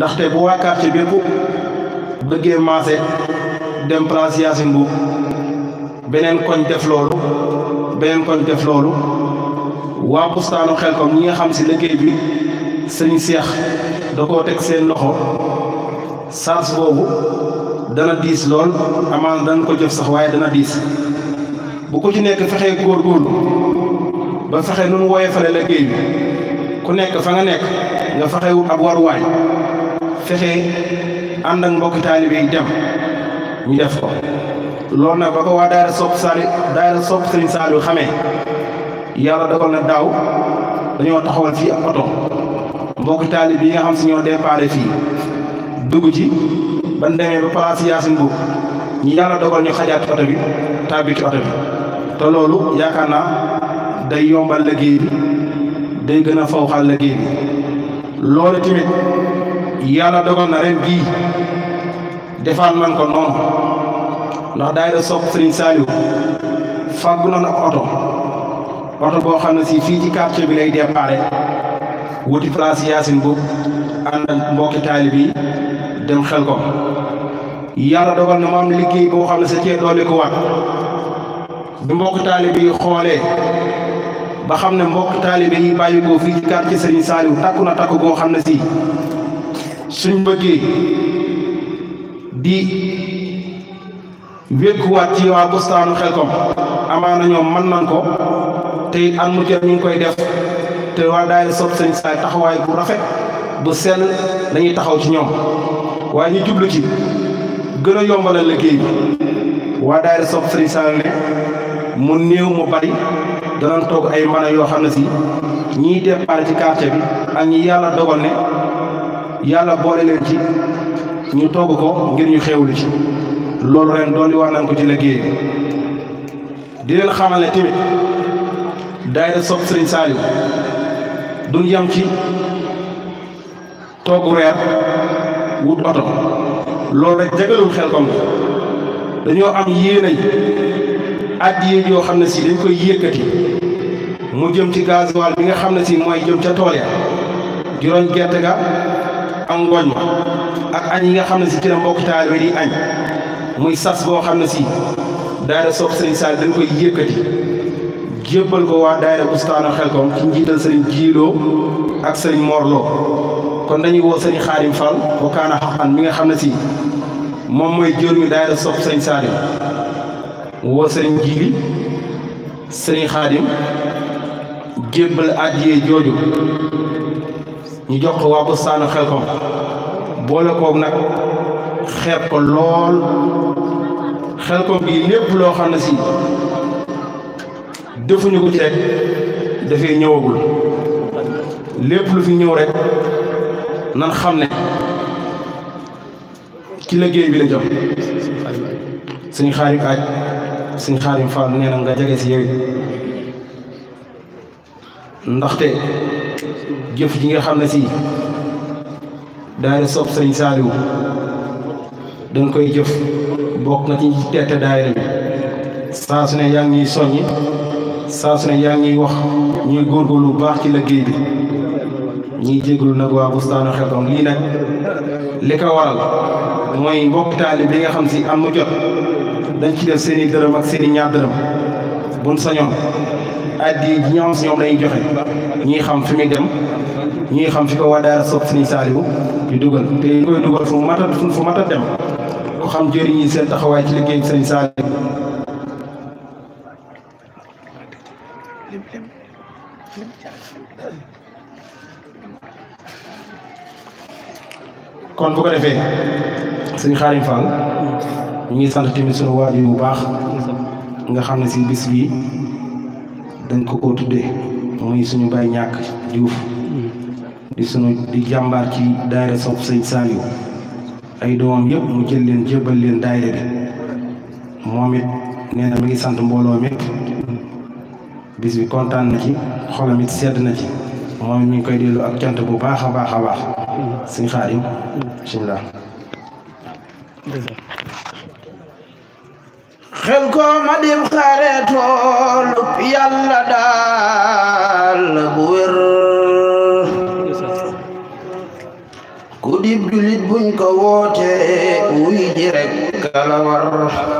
ndaxte bu waa quartier bépp bëggee maase dem place Yacine Mbuub beneen koñ def loolu beneen koñ def loolu waa bustaanu Xelkom ñi nga xam si liggéey bi sëñ Seex da ko teg seen loxo sars boobu dana diis lool amaan dana ko jëf sax waaye dana diis bu ko ci nekk fexee góorgóorlu ba fexe nu mu woyefale liggéey bi ku nekk fa nga nekk nga fexe ab waruwaay fexe ànd ak mbokki taalibe yi dem ñu def ko loolu nag ba ko waa daayira sopp Sali daayira sopp Sëriñ Saliou xamee yàlla dogal na daaw dañoo taxawal fii ak oto mbokki taalibe yi nga xam si ñoo déparé fii dugg ci ban demee ba place Yacine Mbour ñi yàlla dogal ñu xajaat oto bi tàbbi ci oto bi te loolu yaakaar naa day yombal liggéey bi day gën a fawxal liggéey bi loolu tamit yàlla dogal na ren bii defaat nan ko noonu ndax daayira sopp sëriñ Saliou fàggu na ak oto oto boo xam ne si fii ci quartier bi lay déparé wuti place Yacine boobu ànd ak mbokki taalib yi dem xel ko yàlla dogal na mu am liggéey boo xam ne sa cee doole ko waat bi mbokki taalib yi xoolee ba xam ne mbokki taalib yi bàyyi ko fii ci quartier sëriñ Saliou takku na takku boo xam ne si suñ bëggee di wékkuwaat ci waa bustaanu xelkom amaana ñoom mën nañ ko te it am mutuel ñu ngi koy def te waa daayira Sopp sëñ Saay taxawaay bu rafet bu sell dañuy taxaw ci ñoom waaye ñu jublu ci gën a yombalal liggéey bi waa daayira Sopp Sëriñ Saay ne mu néew mu bari danañ toog ay mana yoo xam ne si ñiy ci quartier bi ak ñi yàlla dogal ne yàlla boole leen ci ñu togg ko ngir ñu xew xewlu ci loolu ren dool li wax nañ ko ci liggéey di leen xamal ne tamit daayira Sopp Serigne Saliou duñ yam ci toogu reer wut oto loolu rek jagalul xel kom dañoo am yéenay addiye yoo xam ne si dañ koy yëkkati mu jëm ci gasoil bi nga xam ne si mooy jëm ca tool ya juróom gerte ga am ngooñ ma ak añ yi nga xam ne si ci la mbokk taalibe di añ muy sas boo xam ne si daayira sopp sëriñ Sall dañ koy yëkkati jébbal ko waa daayira bustaanu xelkom ci njiital sëriñ jiiloo ak sëriñ moorloo kon dañuy woo sëriñ xaarim fall wakaana xaqan mi nga xam ne si moom mooy jor mi daayira sopp sëriñ Saalim woo sëriñ jiili sëriñ xaadim jébbal addiyee jooju ñu jox ko waa bustaanu xel ko boole koog nag xeeb ko lool xel ko bii lépp loo xam ne si defuñu ko ci rek dafay ñëwagul lépp lu fi ñëw rek nan xam ne ci liggéey bi la jox suñu xaarim aaj suñu xaarim faal nee na nga jege si yow ndaxte jëf ji nga xam ne si daayira sopp sëriñ Saaliw dañ koy jëf bokk nga ci teete daayira bi saa su yaa ngi ñuy soññi saa su ne yaa ngi wax ñuy góor lu baax ci liggéey bi ñuy jéglu nag waa Bustaanu Xelkom lii nag li ko waral mooy mbokk taalib li nga xam si am mu jot dañ ci def seen i dërëm ak seen i ñaar dërëm buñ sañoon addi yi ñoo xam si ñoom lañuy joxe ñii xam fi muy dem ñii xam fi ko waa daara sopp suñu saaliwu dugal te ñu koy dugal fu mu mat fu mat dem ku xam jëriñ yi seen taxawaay ci liggéey seen saaliwu kon bu ko defee suñu xaarim Fall ñu ngi sant tamit suñu waajur bu baax nga xam ne si bis bii dañ ko koo tuddee muy suñu baay ñàkk Juuf di suñu di jàmbaar ci daayira sopp sëñ Saliou ay doomam yëpp mu jël leen jëbal leen daayira bi moom it nee na mi ngi sant mbooloo mépp bis bi kontaan na ci xolam it sedd na ci moom it mi ngi koy dellu ak cant bu baax a baax a baax sëñ Xaadim bismillah xel ko ma dem xare toolu yàlla daal bu wér ku dib julit buñ ko woote wuy ji rek